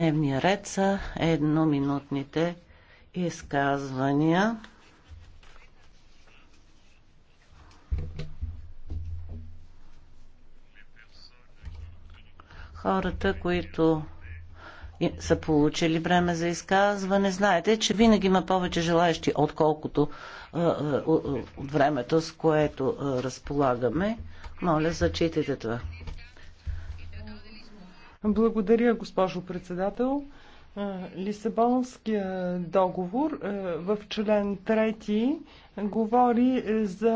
Дневния ред са едноминутните изказвания. Хората, които са получили време за изказване, знаете, че винаги има повече желаящи, отколкото от времето, с което разполагаме. Моля, зачитайте това. Благодаря, госпожо председател. Лисабонския договор в член 3 говори за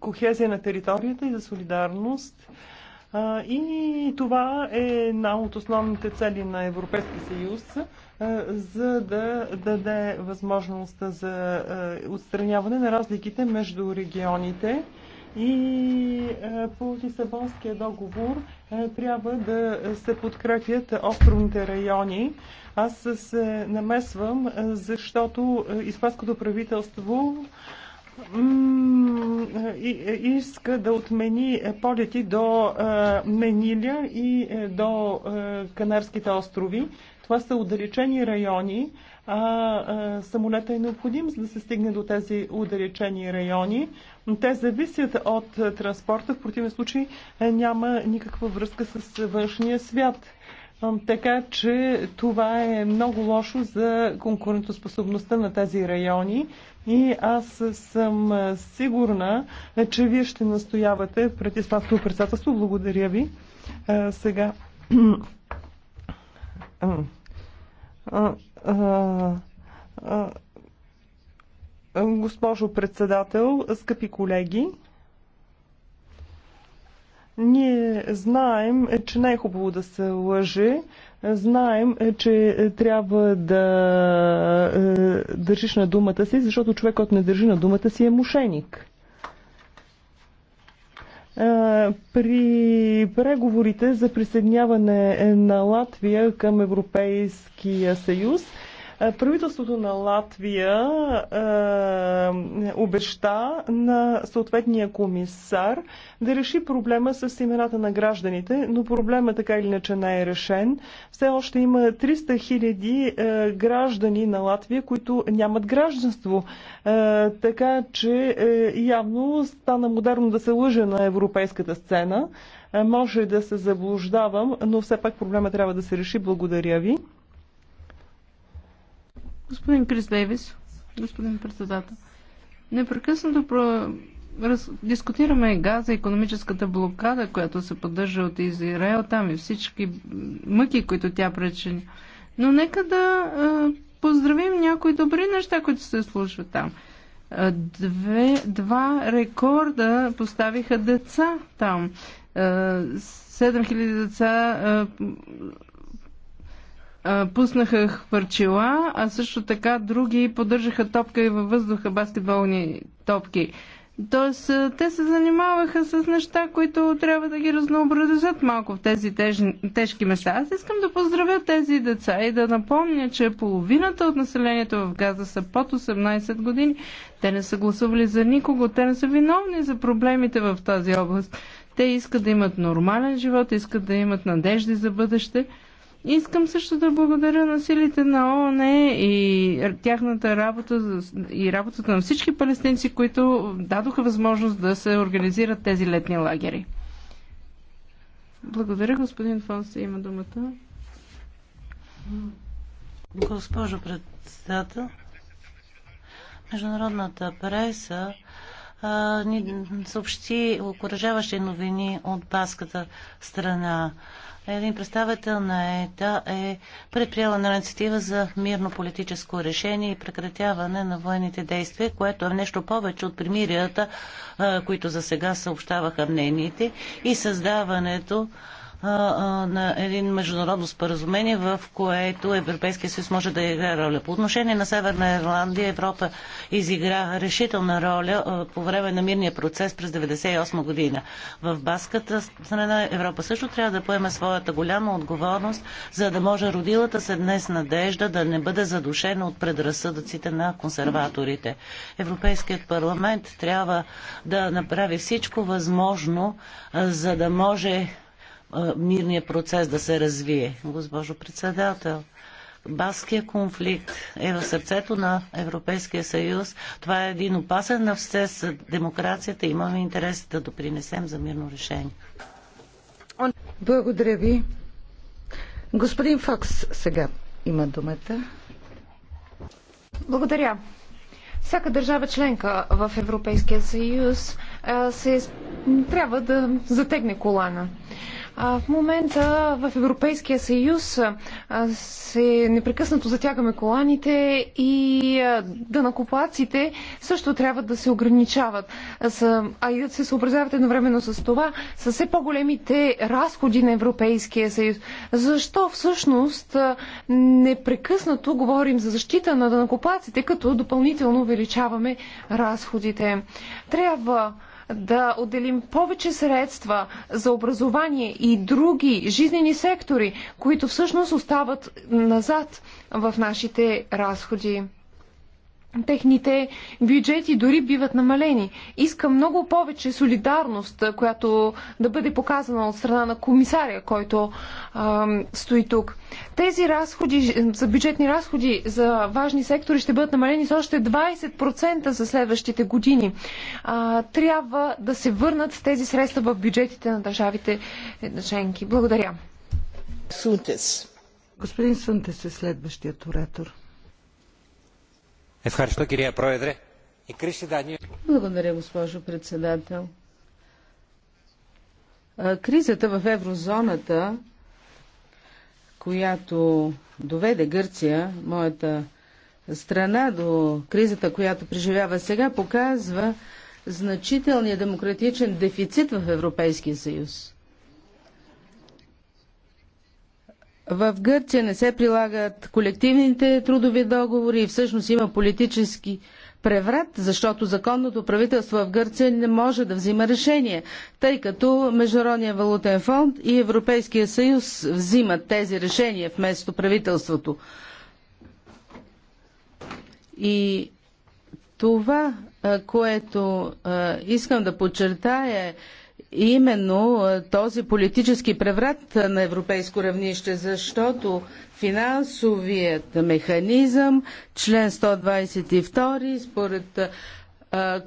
кохезия на територията и за солидарност. И това е една от основните цели на Европейския съюз, за да даде възможността за отстраняване на разликите между регионите и е, по Лисабонския договор е, трябва да се подкрепят островните райони. Аз се намесвам, е, защото испанското правителство е, иска да отмени полети до е, Мениля и е, до Канарските острови. Това са отдалечени райони, а самолета е необходим, за да се стигне до тези отдалечени райони. Те зависят от транспорта, в противен случай няма никаква връзка с външния свят. Така че това е много лошо за конкурентоспособността на тези райони и аз съм сигурна, че вие ще настоявате пред Испанското председателство. Благодаря ви. Сега. Госпожо председател, скъпи колеги, ние знаем, е, че не е хубаво да се лъже. Знаем, е, че е, трябва да държиш на думата си, защото човек, който не държи на думата си, е мошеник при преговорите за присъединяване на Латвия към Европейския съюз е, правителството на Латвия е, обеща на съответния комисар да реши проблема с имената на гражданите, но проблема така или иначе не е решен. Все още има 300 хиляди е, граждани на Латвия, които нямат гражданство. Е, така че е, явно стана модерно да се лъже на европейската сцена. Е, може да се заблуждавам, но все пак проблема трябва да се реши. Благодаря ви. Господин Крис Дейвис, господин председател, непрекъснато про... раз... дискутираме газа, економическата блокада, която се поддържа от Израел там и всички мъки, които тя причини. Но нека да а, поздравим някои добри неща, които се случват там. Две, два рекорда поставиха деца там. 7000 деца пуснаха хвърчила, а също така други поддържаха топка и във въздуха баскетболни топки. Тоест, те се занимаваха с неща, които трябва да ги разнообразят малко в тези теж... тежки места. Аз искам да поздравя тези деца и да напомня, че половината от населението в Газа са под 18 години. Те не са гласували за никого, те не са виновни за проблемите в тази област. Те искат да имат нормален живот, искат да имат надежди за бъдеще. Искам също да благодаря на силите на ООН и тяхната работа и работата на всички палестинци, които дадоха възможност да се организират тези летни лагери. Благодаря, господин Фонси. Има думата. Госпожо председател, международната преса ни съобщи окоръжаващи новини от баската страна. Един представител на ЕТА е предприела на инициатива за мирно политическо решение и прекратяване на военните действия, което е нещо повече от примирията, които за сега съобщаваха мнените и създаването на един международно споразумение, в което Европейския съюз може да играе роля. По отношение на Северна Ирландия, Европа изигра решителна роля по време на мирния процес през 1998 година. В Баската страна Европа също трябва да поеме своята голяма отговорност, за да може родилата се днес надежда да не бъде задушена от предразсъдъците на консерваторите. Европейският парламент трябва да направи всичко възможно, за да може мирния процес да се развие. Госпожо председател, Баския конфликт е в сърцето на Европейския съюз. Това е един опасен на все с демокрацията. Имаме интерес да допринесем за мирно решение. Благодаря ви. Господин Фокс сега има думата. Благодаря. Всяка държава членка в Европейския съюз се, трябва да затегне колана. В момента в Европейския съюз се непрекъснато затягаме коланите и дънакоплаците също трябва да се ограничават, а и да се съобразяват едновременно с това, с все по-големите разходи на Европейския съюз. Защо всъщност непрекъснато говорим за защита на дънакоплаците, като допълнително увеличаваме разходите? Трябва да отделим повече средства за образование и други жизнени сектори, които всъщност остават назад в нашите разходи техните бюджети дори биват намалени. Иска много повече солидарност, която да бъде показана от страна на комисаря, който а, стои тук. Тези разходи, за бюджетни разходи за важни сектори ще бъдат намалени с още 20% за следващите години. А, трябва да се върнат тези средства в бюджетите на държавите е, членки. Благодаря. Сунтес. Господин Сунтес е следващият оратор. Благодаря, госпожо председател. Кризата в еврозоната, която доведе Гърция, моята страна, до кризата, която преживява сега, показва значителния демократичен дефицит в Европейския съюз. В Гърция не се прилагат колективните трудови договори и всъщност има политически преврат, защото законното правителство в Гърция не може да взима решение, тъй като Международния валутен фонд и Европейския съюз взимат тези решения вместо правителството. И това, което искам да подчертая е, именно този политически преврат на европейско равнище, защото финансовият механизъм, член 122, според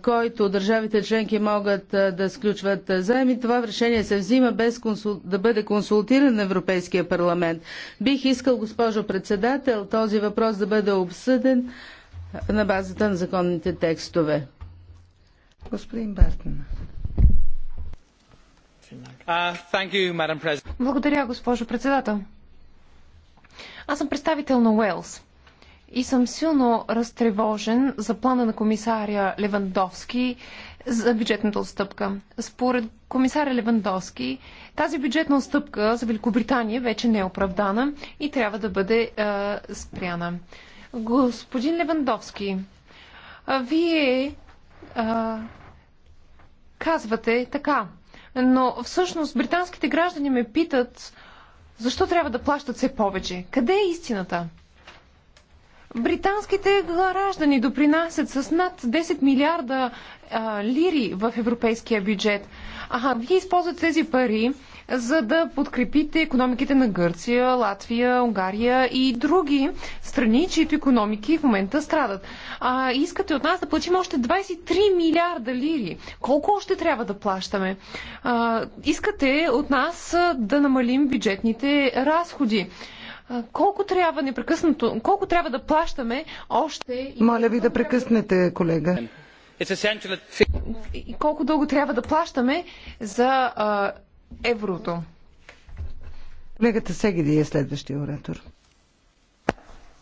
който държавите членки могат да сключват заеми. Това решение се взима без консул... да бъде консултиран Европейския парламент. Бих искал, госпожо председател, този въпрос да бъде обсъден на базата на законните текстове. Господин Бартен. Uh, Благодаря, госпожо председател. Аз съм представител на Уелс и съм силно разтревожен за плана на комисаря Левандовски за бюджетната отстъпка. Според комисаря Левандовски, тази бюджетна отстъпка за Великобритания вече не е оправдана и трябва да бъде е, спряна. Господин Левандовски, вие е, казвате така но всъщност британските граждани ме питат защо трябва да плащат все повече. Къде е истината? Британските граждани допринасят с над 10 милиарда а, лири в европейския бюджет. Ага, вие използвате тези пари за да подкрепите економиките на Гърция, Латвия, Унгария и други страни, чието економики в момента страдат. А, искате от нас да платим още 23 милиарда лири. Колко още трябва да плащаме? А, искате от нас да намалим бюджетните разходи колко трябва непрекъснато, колко трябва да плащаме още... Моля ви да прекъснете, колега. И колко дълго трябва да плащаме за еврото. Колегата Сегеди е следващия оратор.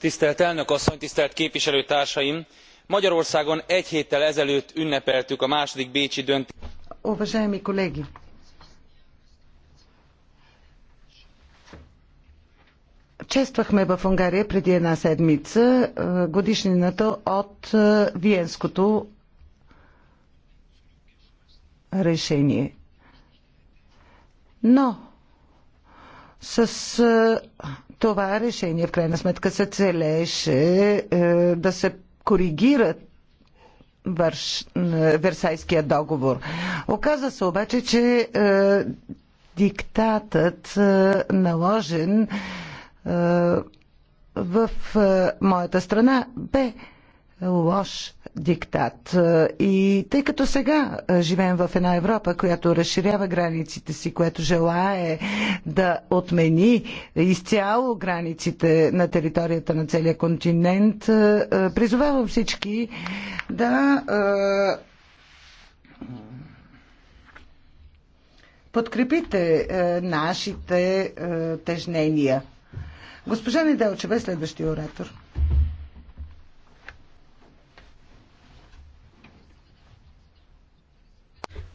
Tisztelt elnök asszony, tisztelt képviselőtársaim! Magyarországon egy héttel ezelőtt ünnepeltük a második Bécsi döntést. Уважаеми колеги, чествахме в Унгария преди една седмица е, годишнината от е, Виенското решение. Но с е, това решение в крайна сметка се целеше е, да се коригират е, Версайския договор. Оказа се обаче, че е, диктатът е, наложен е, в е, моята страна бе лош диктат. И тъй като сега живеем в една Европа, която разширява границите си, което желае да отмени изцяло границите на територията на целия континент, призовавам всички да подкрепите нашите тежнения. Госпожа Неделчева е следващия оратор.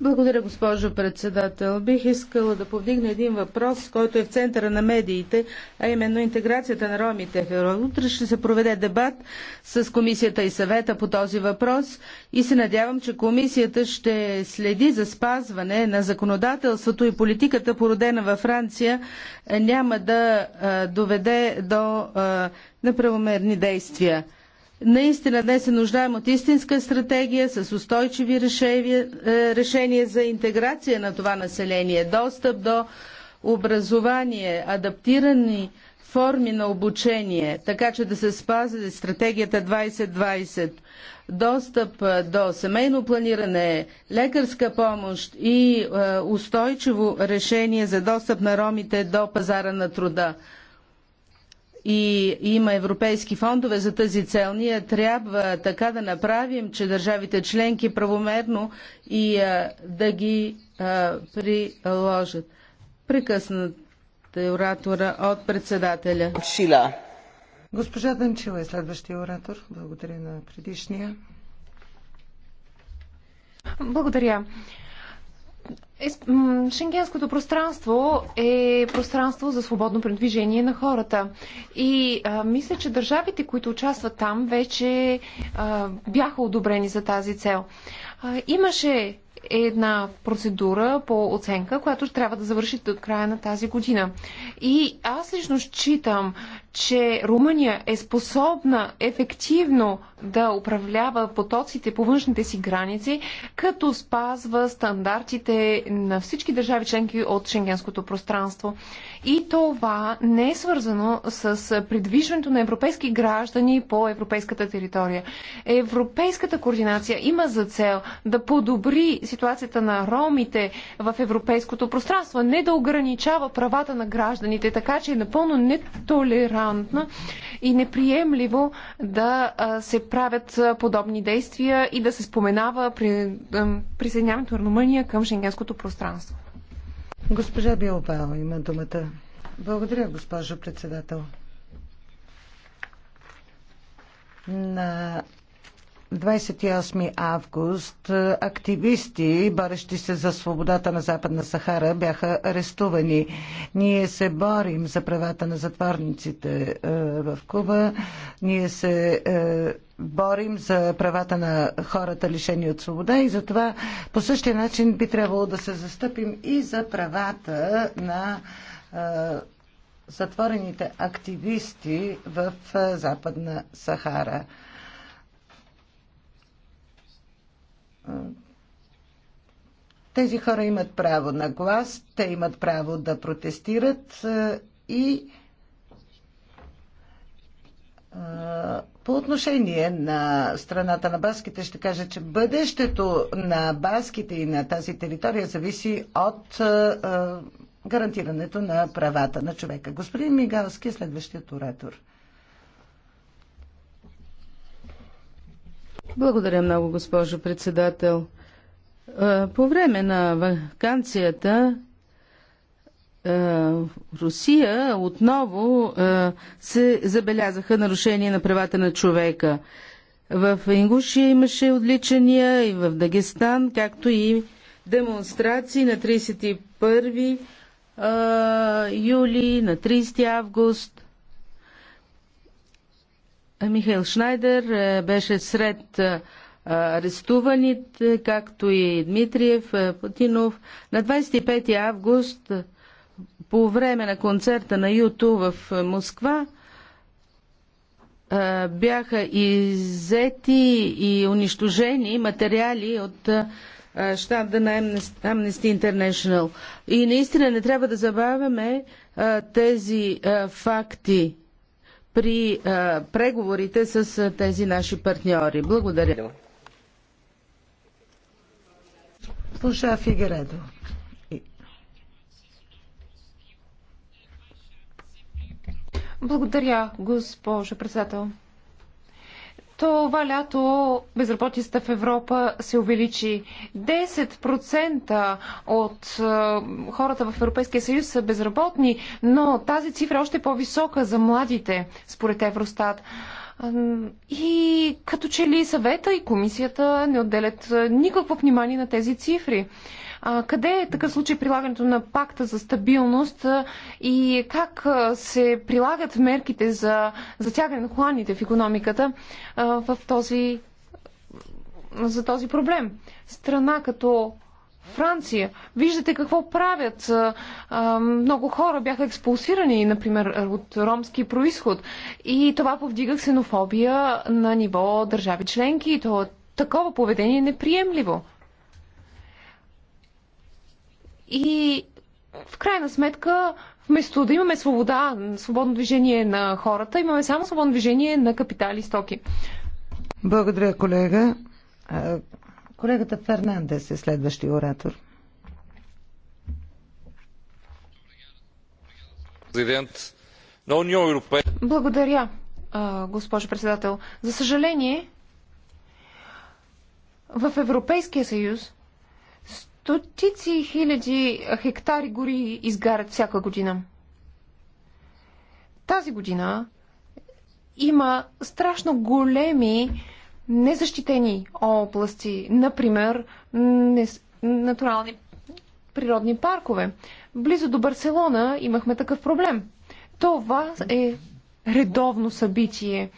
Благодаря, госпожо председател. Бих искала да повдигна един въпрос, който е в центъра на медиите, а именно интеграцията на ромите в Европа. Утре ще се проведе дебат с комисията и съвета по този въпрос и се надявам, че комисията ще следи за спазване на законодателството и политиката, породена във Франция, няма да доведе до неправомерни действия. Наистина днес се нуждаем от истинска стратегия с устойчиви е, решения, за интеграция на това население, достъп до образование, адаптирани форми на обучение, така че да се спази стратегията 2020, достъп е, до семейно планиране, лекарска помощ и е, устойчиво решение за достъп на ромите до пазара на труда и има европейски фондове за тази цел, ние трябва така да направим, че държавите членки правомерно и а, да ги а, приложат. Прекъснат е оратора от председателя. Шила. Госпожа е следващия оратор. Благодаря на предишния. Благодаря. Шенгенското пространство е пространство за свободно предвижение на хората. И а, мисля, че държавите, които участват там, вече а, бяха одобрени за тази цел. А, имаше е една процедура по оценка, която трябва да завърши до края на тази година. И аз лично считам, че Румъния е способна ефективно да управлява потоците по външните си граници, като спазва стандартите на всички държави членки от шенгенското пространство. И това не е свързано с придвижването на европейски граждани по европейската територия. Европейската координация има за цел да подобри ситуацията на ромите в европейското пространство, не да ограничава правата на гражданите, така че е напълно нетолерантно и неприемливо да се правят подобни действия и да се споменава при, присъединяването на Румъния към шенгенското пространство. Госпожа Билбао има думата. Благодаря, госпожо председател. На 28 август активисти, борещи се за свободата на Западна Сахара, бяха арестувани. Ние се борим за правата на затворниците в Куба. Ние се борим за правата на хората лишени от свобода и затова по същия начин би трябвало да се застъпим и за правата на затворените активисти в Западна Сахара. Тези хора имат право на глас, те имат право да протестират и по отношение на страната на баските ще кажа, че бъдещето на баските и на тази територия зависи от гарантирането на правата на човека. Господин Мигалски е следващият оратор. Благодаря много, госпожо председател. По време на вакансията е, Русия отново е, се забелязаха нарушения на правата на човека. В Ингушия имаше отличания и в Дагестан, както и демонстрации на 31 е, юли, на 30 август. Михаил Шнайдер беше сред арестуваните, както и Дмитриев, Путинов. На 25 август по време на концерта на Юту в е, Москва е, бяха иззети и унищожени материали от е, щанда на Amnesty International. И наистина не трябва да забавяме тези факти при преговорите с тези наши партньори. Благодаря. Слуша Фигередо. Благодаря, госпожо председател. Това лято безработицата в Европа се увеличи. 10% от а, е, хората в Европейския съюз са безработни, но тази цифра е още по-висока за младите, според Евростат. И като че ли съвета и комисията не отделят е, никакво внимание на тези цифри. А, къде е такъв случай прилагането на пакта за стабилност и как се прилагат мерките за затягане на хуаните в економиката а, в този, за този проблем? Страна като Франция. Виждате какво правят. Много хора бяха експулсирани, например, от ромски происход. И това повдига ксенофобия на ниво държави членки. И то е такова поведение е неприемливо. И в крайна сметка, вместо да имаме свобода, свободно движение на хората, имаме само свободно движение на капитали и стоки. Благодаря, колега. Колегата Фернандес е следващия оратор. Благодаря, госпожо председател. За съжаление, в Европейския съюз Стотици хиляди хектари гори изгарят всяка година. Тази година има страшно големи незащитени области, например натурални природни паркове. Близо до Барселона имахме такъв проблем. Това е редовно събитие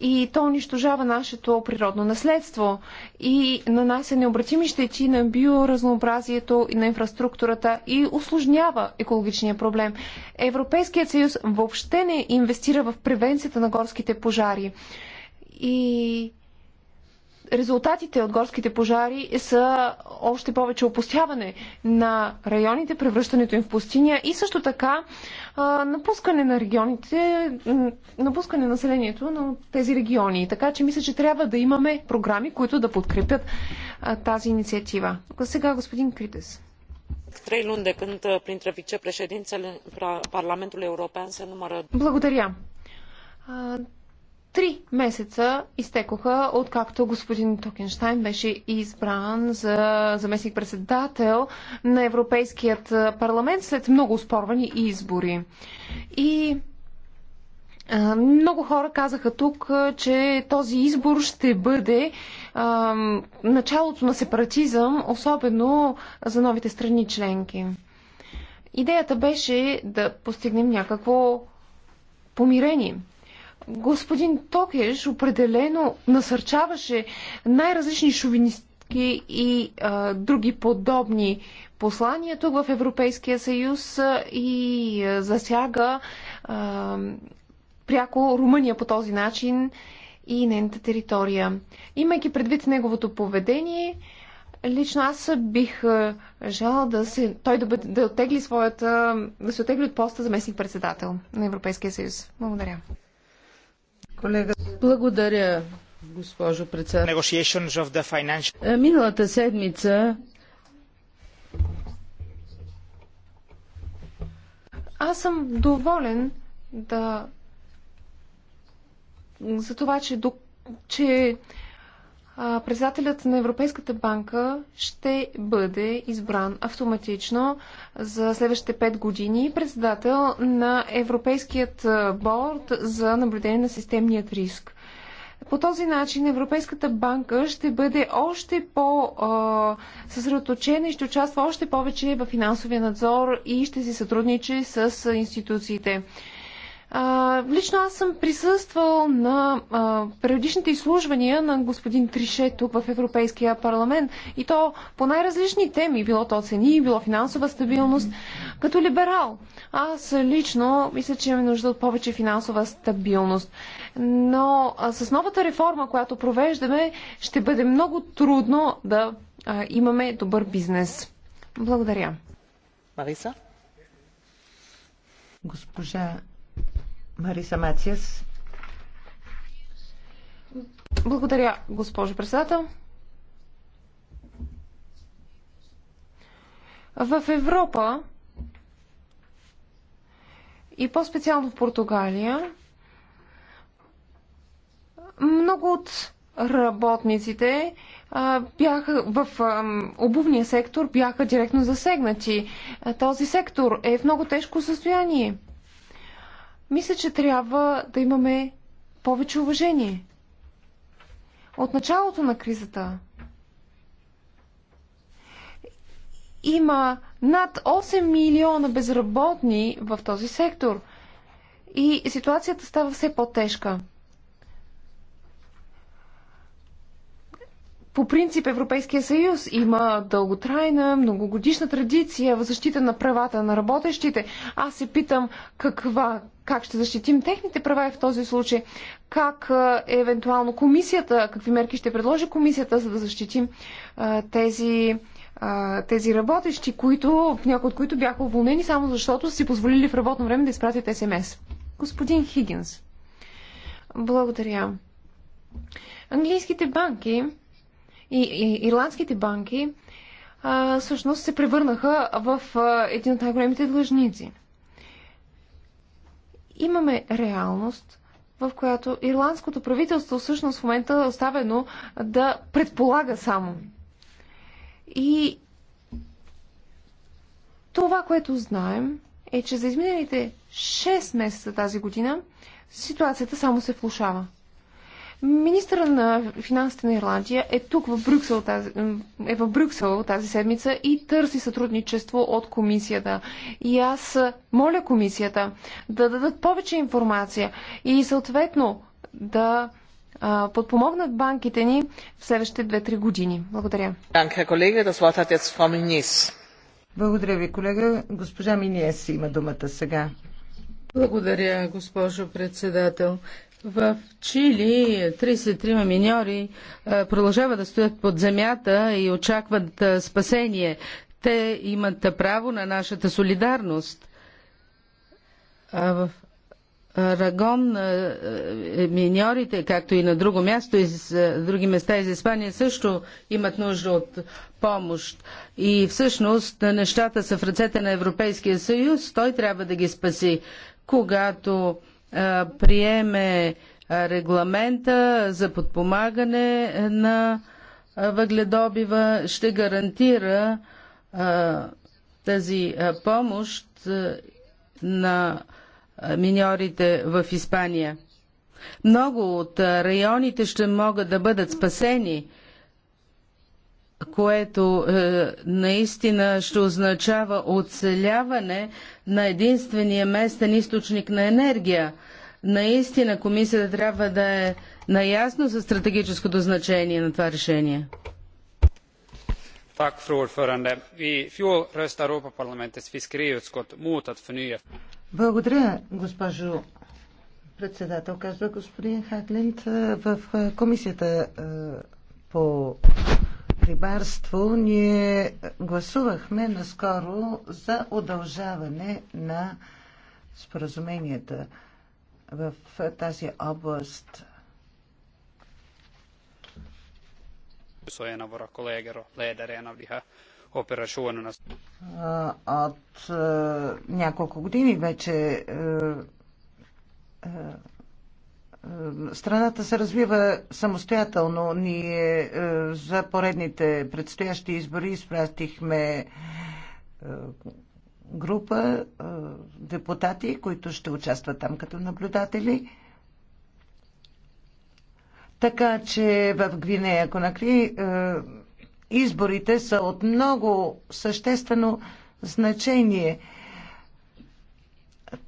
и то унищожава нашето природно наследство и нанася е необратими щети на биоразнообразието и на инфраструктурата и осложнява екологичния проблем. Европейският съюз въобще не инвестира в превенцията на горските пожари. И резултатите от горските пожари са още повече опустяване на районите, превръщането им в пустиня и също така напускане на регионите, напускане на населението на тези региони. Така че мисля, че трябва да имаме програми, които да подкрепят тази инициатива. Сега господин Критес. Trei luni de când printre vicepreședințele Parlamentului European se numără... Благодаря. Три месеца изтекоха, откакто господин Токенштайн беше избран за заместник-председател на Европейският парламент след много спорвани избори. И много хора казаха тук, че този избор ще бъде а, началото на сепаратизъм, особено за новите страни членки. Идеята беше да постигнем някакво помирение – господин Токеш определено насърчаваше най-различни шовинистки и а, други подобни послания тук в Европейския съюз и а, засяга а, пряко Румъния по този начин и нейната територия. Имайки предвид неговото поведение, лично аз бих желал да се, той да, бъде, да, оттегли своята, да се оттегли от поста заместник председател на Европейския съюз. Благодаря. Колега... Благодаря, госпожо председател. Е, миналата седмица аз съм доволен да за това, че, че председателят на Европейската банка ще бъде избран автоматично за следващите 5 години председател на Европейският борд за наблюдение на системният риск. По този начин Европейската банка ще бъде още по-съсредоточена и ще участва още повече в финансовия надзор и ще си сътрудничи с институциите. А, лично аз съм присъствал на а, периодичните изслужвания на господин Трише тук в Европейския парламент и то по най-различни теми, било то цени, било финансова стабилност. Като либерал, аз лично мисля, че имаме нужда от повече финансова стабилност. Но а, с новата реформа, която провеждаме, ще бъде много трудно да а, имаме добър бизнес. Благодаря. Мариса? Госпожа Мариса Мациас. Благодаря, госпожо председател. В Европа и по-специално в Португалия много от работниците а, бяха в а, обувния сектор бяха директно засегнати. Този сектор е в много тежко състояние. Мисля, че трябва да имаме повече уважение. От началото на кризата има над 8 милиона безработни в този сектор и ситуацията става все по-тежка. По принцип Европейския съюз има дълготрайна, многогодишна традиция в защита на правата на работещите. Аз се питам каква, как ще защитим техните права в този случай, как е, евентуално комисията, какви мерки ще предложи комисията, за да защитим а, тези тези работещи, които, някои от които бяха уволнени само защото си позволили в работно време да изпратят СМС. Господин Хигинс. Благодаря. Английските банки и, и ирландските банки а, всъщност се превърнаха в а, един от най-големите длъжници. Имаме реалност, в която ирландското правителство всъщност в момента е оставено да предполага само. И това, което знаем, е, че за изминалите 6 месеца тази година ситуацията само се влушава. Министъра на финансите на Ирландия е тук в Брюксел тази, е в Брюксел тази седмица и търси сътрудничество от комисията. И аз моля комисията да дадат повече информация и съответно да подпомогнат банките ни в следващите 2-3 години. Благодаря. Благодаря ви, колега. Госпожа Миниес има думата сега. Благодаря, госпожо председател. В Чили 33 миньори е, продължават да стоят под земята и очакват е, спасение. Те имат право на нашата солидарност. А в Рагон е, миньорите, както и на друго място, из други места из Испания също имат нужда от помощ. И всъщност нещата са в ръцете на Европейския съюз. Той трябва да ги спаси. Когато приеме регламента за подпомагане на въгледобива, ще гарантира тази помощ на миньорите в Испания. Много от районите ще могат да бъдат спасени което е, наистина ще означава оцеляване на единствения местен източник на енергия. Наистина комисията трябва да е наясно за стратегическото значение на това решение. Tack, fru ordförande. I fjol röstade Europaparlamentets fiskeriutskott mot att förnya... Благодаря, госпожо председател, казва господин Хакленд. Е, в е, комисията е, по рибарство ние гласувахме наскоро за удължаване на споразуменията в тази област. От е, няколко години вече е, е, Страната се развива самостоятелно. Ние е, за поредните предстоящи избори изпратихме е, група е, депутати, които ще участват там като наблюдатели. Така че в Гвинея Конакри изборите са от много съществено значение,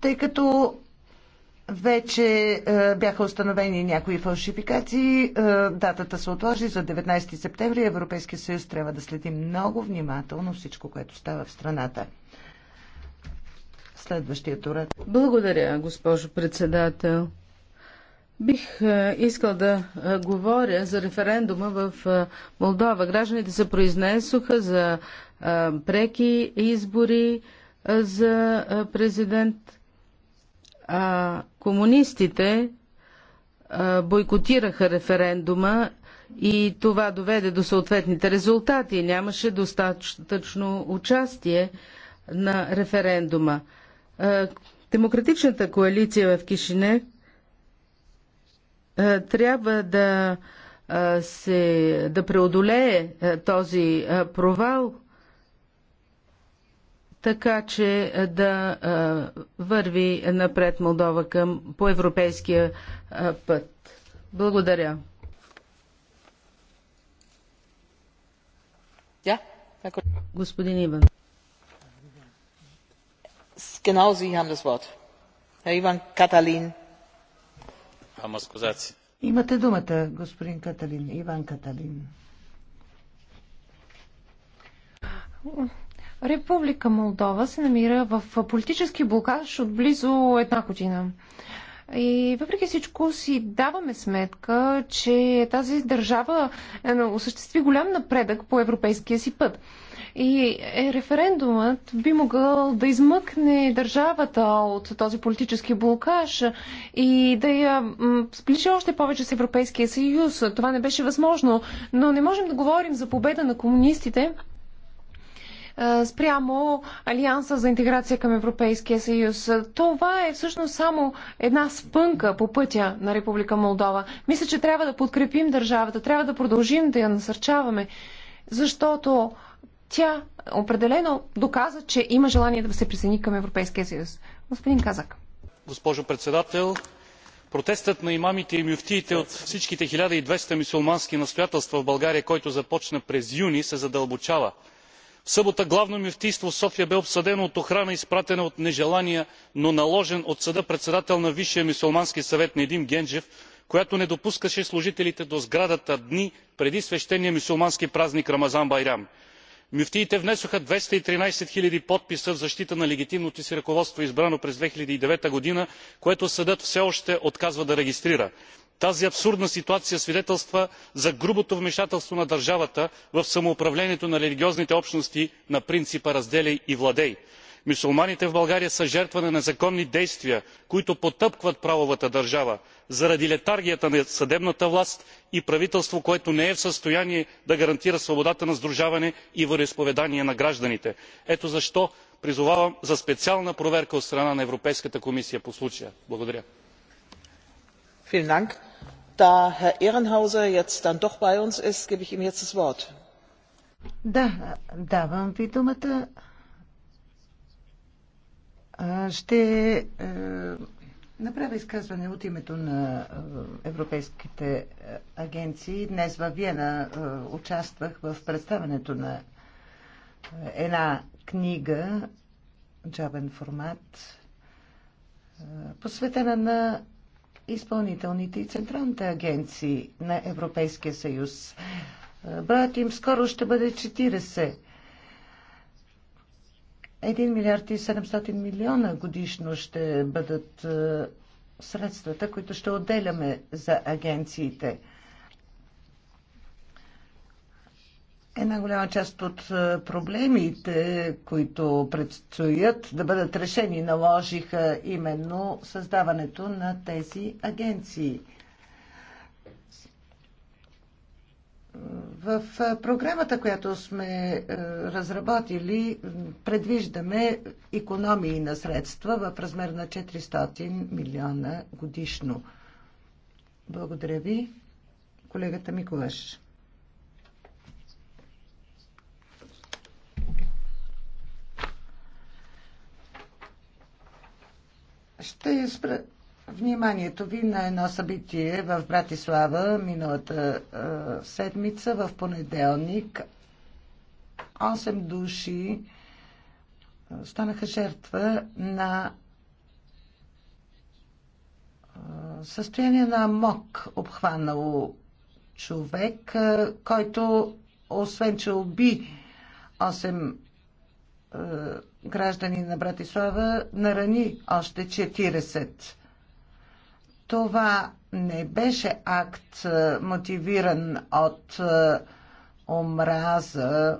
тъй като вече е, бяха установени някои фалшификации. Е, датата се отложи за 19 септември. Европейския съюз трябва да следи много внимателно всичко, което става в страната. Следващия уред. Благодаря, госпожо председател. Бих е, искал да е, говоря за референдума в е, Молдова. Гражданите се произнесоха за преки избори за президент. Комунистите бойкотираха референдума и това доведе до съответните резултати. Нямаше достатъчно участие на референдума. Демократичната коалиция в Кишине трябва да, се, да преодолее този провал така че е, да е, върви напред Молдова към, по европейския е, път. Благодаря. Yeah. Господин Иван. Genau, Sie haben das Wort. Herr Ivan Katalin. Имате думата, господин Каталин, Иван Каталин. Република Молдова се намира в политически блокаж от близо една година. И въпреки всичко си даваме сметка, че тази държава е, осъществи голям напредък по европейския си път. И е, референдумът би могъл да измъкне държавата от този политически блокаж и да я сплича още повече с Европейския съюз. Това не беше възможно, но не можем да говорим за победа на комунистите, спрямо Алианса за интеграция към Европейския съюз. Това е всъщност само една спънка по пътя на Република Молдова. Мисля, че трябва да подкрепим държавата, трябва да продължим да я насърчаваме, защото тя определено доказа, че има желание да се присъедини към Европейския съюз. Господин Казак. Госпожо председател, протестът на имамите и мюфтиите от всичките 1200 мусулмански настоятелства в България, който започна през юни, се задълбочава в събота главно мюфтийство в софия бе обсадено от охрана изпратена от нежелания но наложен от съда председател на висшия мюсюлмански съвет недим генджев която не допускаше служителите до сградата дни преди свещения мюсюлмански празник рамазан байрам. мюфтиите внесоха двеста и тринадесет хиляди подписа в защита на легитимното си ръководство избрано през две хиляди и девета година което съдът все още отказва да регистрира тази абсурдна ситуация свидетелства за грубото вмешателство на държавата в самоуправлението на религиозните общности на принципа разделяй и владей. мюсюлманите в българя са жертва на незаконни действия които потъпкват правовата държава заради летаргията на съдебната власт и правителство което не е в състояние да гарантира свободата на сдружаване и вероизповедание на гражданите. ето защо призовавам за специална проверка от страна на европейската комисия по случая. благодаря vielen dank! da herr ehrenhauser jetzt dann doch bei uns ist gebe ich ihm jetzt das wort. Да, ви думата. Ще е, направя изказване от името на е, европейските е, агенции. Днес във Виена участвах в представенето на една книга, джабен формат, посветена на изпълнителните и централните агенции на Европейския съюз. Броят им скоро ще бъде 40. 1 милиард и 700 милиона годишно ще бъдат е, средствата, които ще отделяме за агенциите. Една голяма част от е, проблемите, които предстоят да бъдат решени, наложиха именно създаването на тези агенции. В е, програмата, която сме е, разработили, предвиждаме економии на средства в размер на 400 милиона годишно. Благодаря ви, колегата Миколаш. Ще спра вниманието ви на едно събитие в Братислава миналата е, седмица, в понеделник. 8 души е, станаха жертва на е, състояние на мок обхванало човек, е, който освен, че уби 8 е, граждани на Братислава нарани още 40. Това не беше акт е, мотивиран от е, омраза.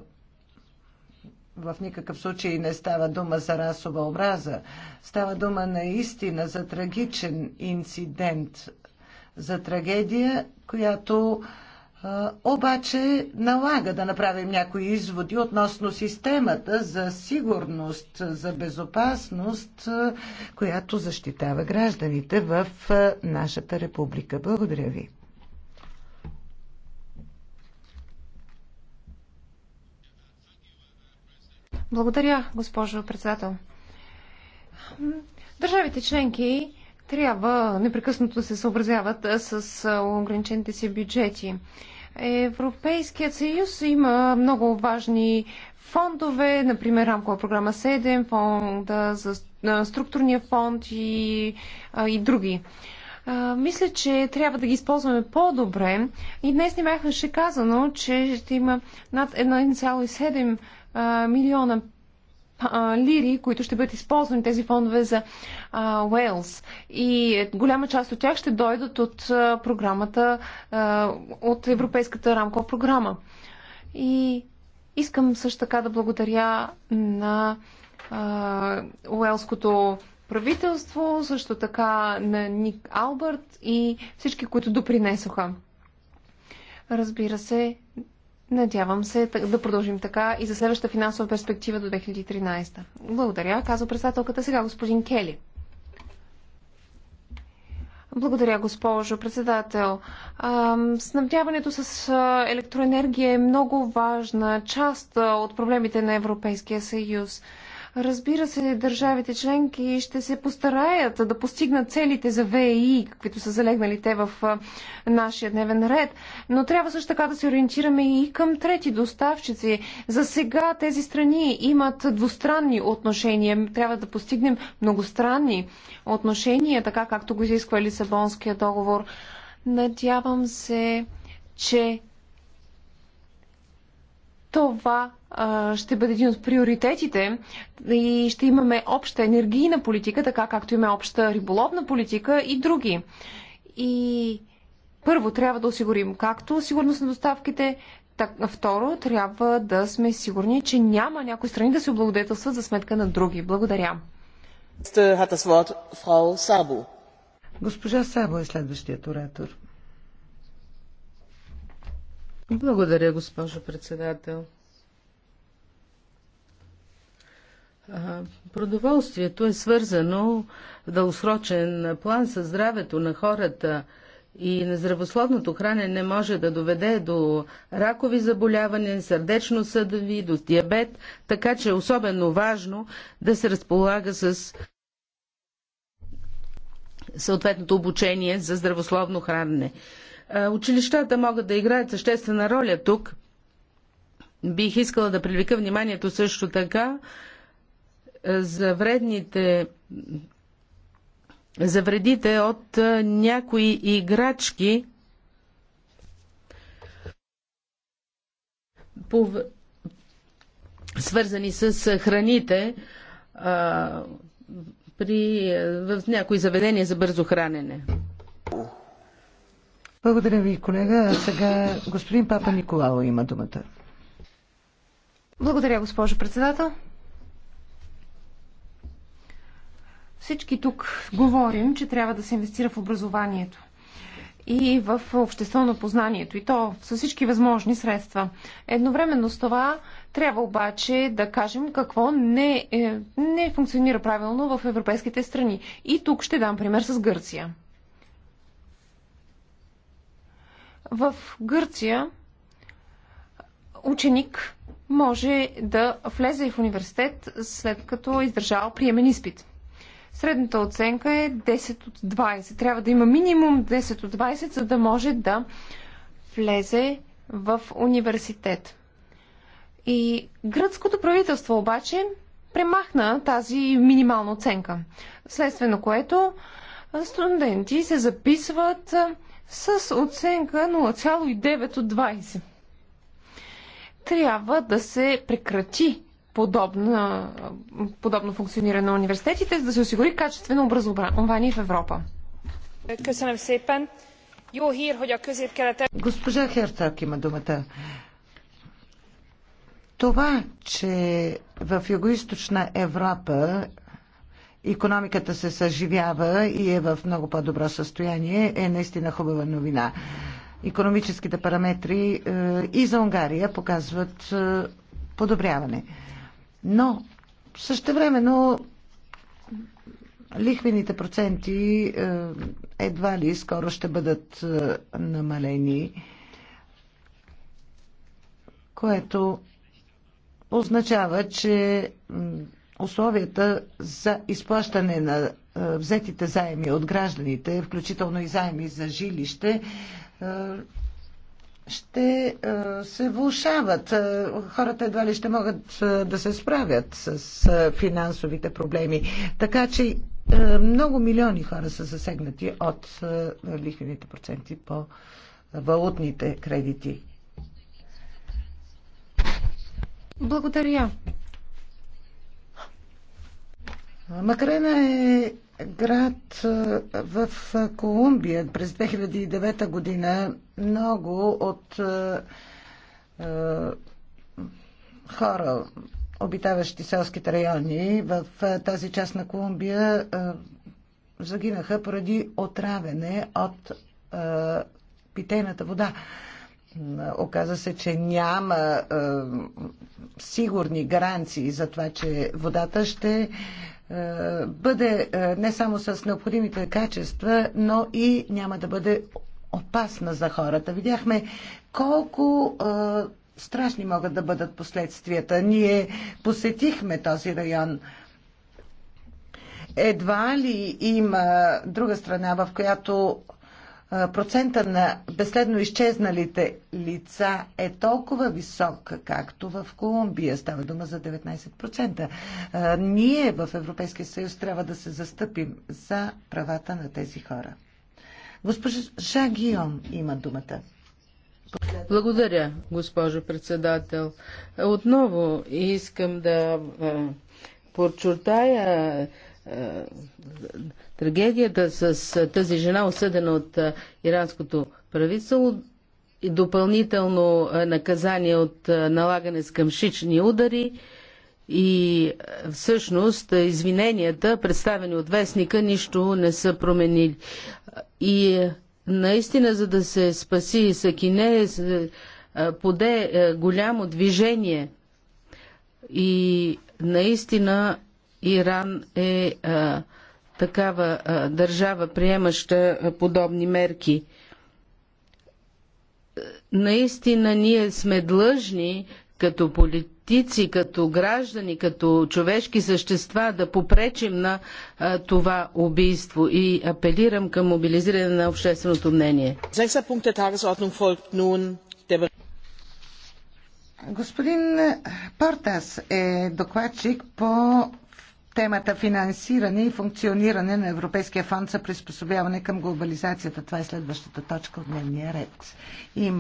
В никакъв случай не става дума за расова омраза. Става дума наистина за трагичен инцидент, за трагедия, която обаче налага да направим някои изводи относно системата за сигурност, за безопасност, която защитава гражданите в нашата република. Благодаря ви. Благодаря, госпожо председател. Държавите членки трябва непрекъснато да се съобразяват с ограничените си бюджети. Европейският съюз има много важни фондове, например рамкова програма 7, фонда за структурния фонд и, и други. Мисля, че трябва да ги използваме по-добре. И днес ни ще казано, че ще има над 1,7 милиона лири, които ще бъдат използвани тези фондове за Уелс. И голяма част от тях ще дойдат от програмата, от Европейската рамкова програма. И искам също така да благодаря на Уелското правителство, също така на Ник Албърт и всички, които допринесоха. Разбира се, Надявам се да продължим така и за следващата финансова перспектива до 2013. Благодаря, казва председателката. Сега господин Кели. Благодаря, госпожо председател. Снабдяването с електроенергия е много важна част от проблемите на Европейския съюз. Разбира се, държавите членки ще се постараят да постигнат целите за ВЕИ, каквито са залегнали те в нашия дневен ред, но трябва също така да се ориентираме и към трети доставчици. За сега тези страни имат двустранни отношения. Трябва да постигнем многостранни отношения, така както го изисква Лисабонския договор. Надявам се, че това ще бъде един от приоритетите и ще имаме обща енергийна политика, така както имаме обща риболовна политика и други. И първо трябва да осигурим както сигурност на доставките, так, второ трябва да сме сигурни, че няма някои страни да се облагодетелстват за сметка на други. Благодаря. Госпожа Сабо е следващият оратор. Благодаря, госпожо председател. Продоволствието е свързано в дългосрочен план с здравето на хората и на нездравословното хранене може да доведе до ракови заболявания, сърдечно-съдови, до диабет, така че е особено важно да се разполага с съответното обучение за здравословно хранене. Училищата могат да играят съществена роля тук. Бих искала да привлека вниманието също така за вредните за вредите от някои играчки свързани с храните а, при, в някои заведения за бързо хранене. Благодаря ви, колега. А сега господин Папа Николао има думата. Благодаря, госпожо председател. Всички тук говорим, че трябва да се инвестира в образованието и в общество на познанието. И то с всички възможни средства. Едновременно с това трябва обаче да кажем какво не, е, не функционира правилно в европейските страни. И тук ще дам пример с Гърция. В Гърция ученик може да влезе в университет след като е издържал приемен изпит. Средната оценка е 10 от 20. Трябва да има минимум 10 от 20, за да може да влезе в университет. И гръцкото правителство обаче премахна тази минимална оценка. Следствие на което студенти се записват с оценка 0,9 от 20. Трябва да се прекрати подобна, подобно функциониране на университетите, за да се осигури качествено образование в Европа. Госпожа Херцак има думата. Това, че в Юго-Источна Европа економиката се съживява и е в много по-добро състояние, е наистина хубава новина. Економическите параметри е, и за Унгария показват е, подобряване. Но също но лихвените проценти е, едва ли скоро ще бъдат е, намалени, което означава, че условията за изплащане на е, взетите заеми от гражданите, включително и заеми за жилище, ще е, се влушават. Е, хората едва ли ще могат е, да се справят с финансовите проблеми. Така че много милиони хора са засегнати от лихвените проценти по валутните кредити. Благодаря. Макарена е град в Колумбия през 2009 година много от хора, обитаващи селските райони в тази част на Колумбия, загинаха поради отравяне от питейната вода. Оказа се, че няма е, сигурни гаранции за това, че водата ще е, бъде е, не само с необходимите качества, но и няма да бъде опасна за хората. Видяхме колко е, страшни могат да бъдат последствията. Ние посетихме този район. Едва ли има друга страна, в която процента на безследно изчезналите лица е толкова висок, както в Колумбия. Става дума за 19%. Ние в Европейския съюз трябва да се застъпим за правата на тези хора. Госпожа Гион има думата. Благодаря, госпожо председател. Отново искам да подчертая трагедията с тази жена, осъдена от иранското правителство, и допълнително наказание от налагане с къмшични удари и всъщност извиненията, представени от вестника, нищо не са променили. И наистина, за да се спаси Сакине, поде голямо движение и наистина Иран е а, е, такава а, е, държава, приемаща а, е, подобни мерки. Наистина ние сме длъжни като политици, като граждани, като човешки същества да попречим на а, това убийство и апелирам към мобилизиране на общественото мнение. Господин Портас е докладчик по темата финансиране и функциониране на Европейския фонд за приспособяване към глобализацията. Това е следващата точка от дневния ред. Има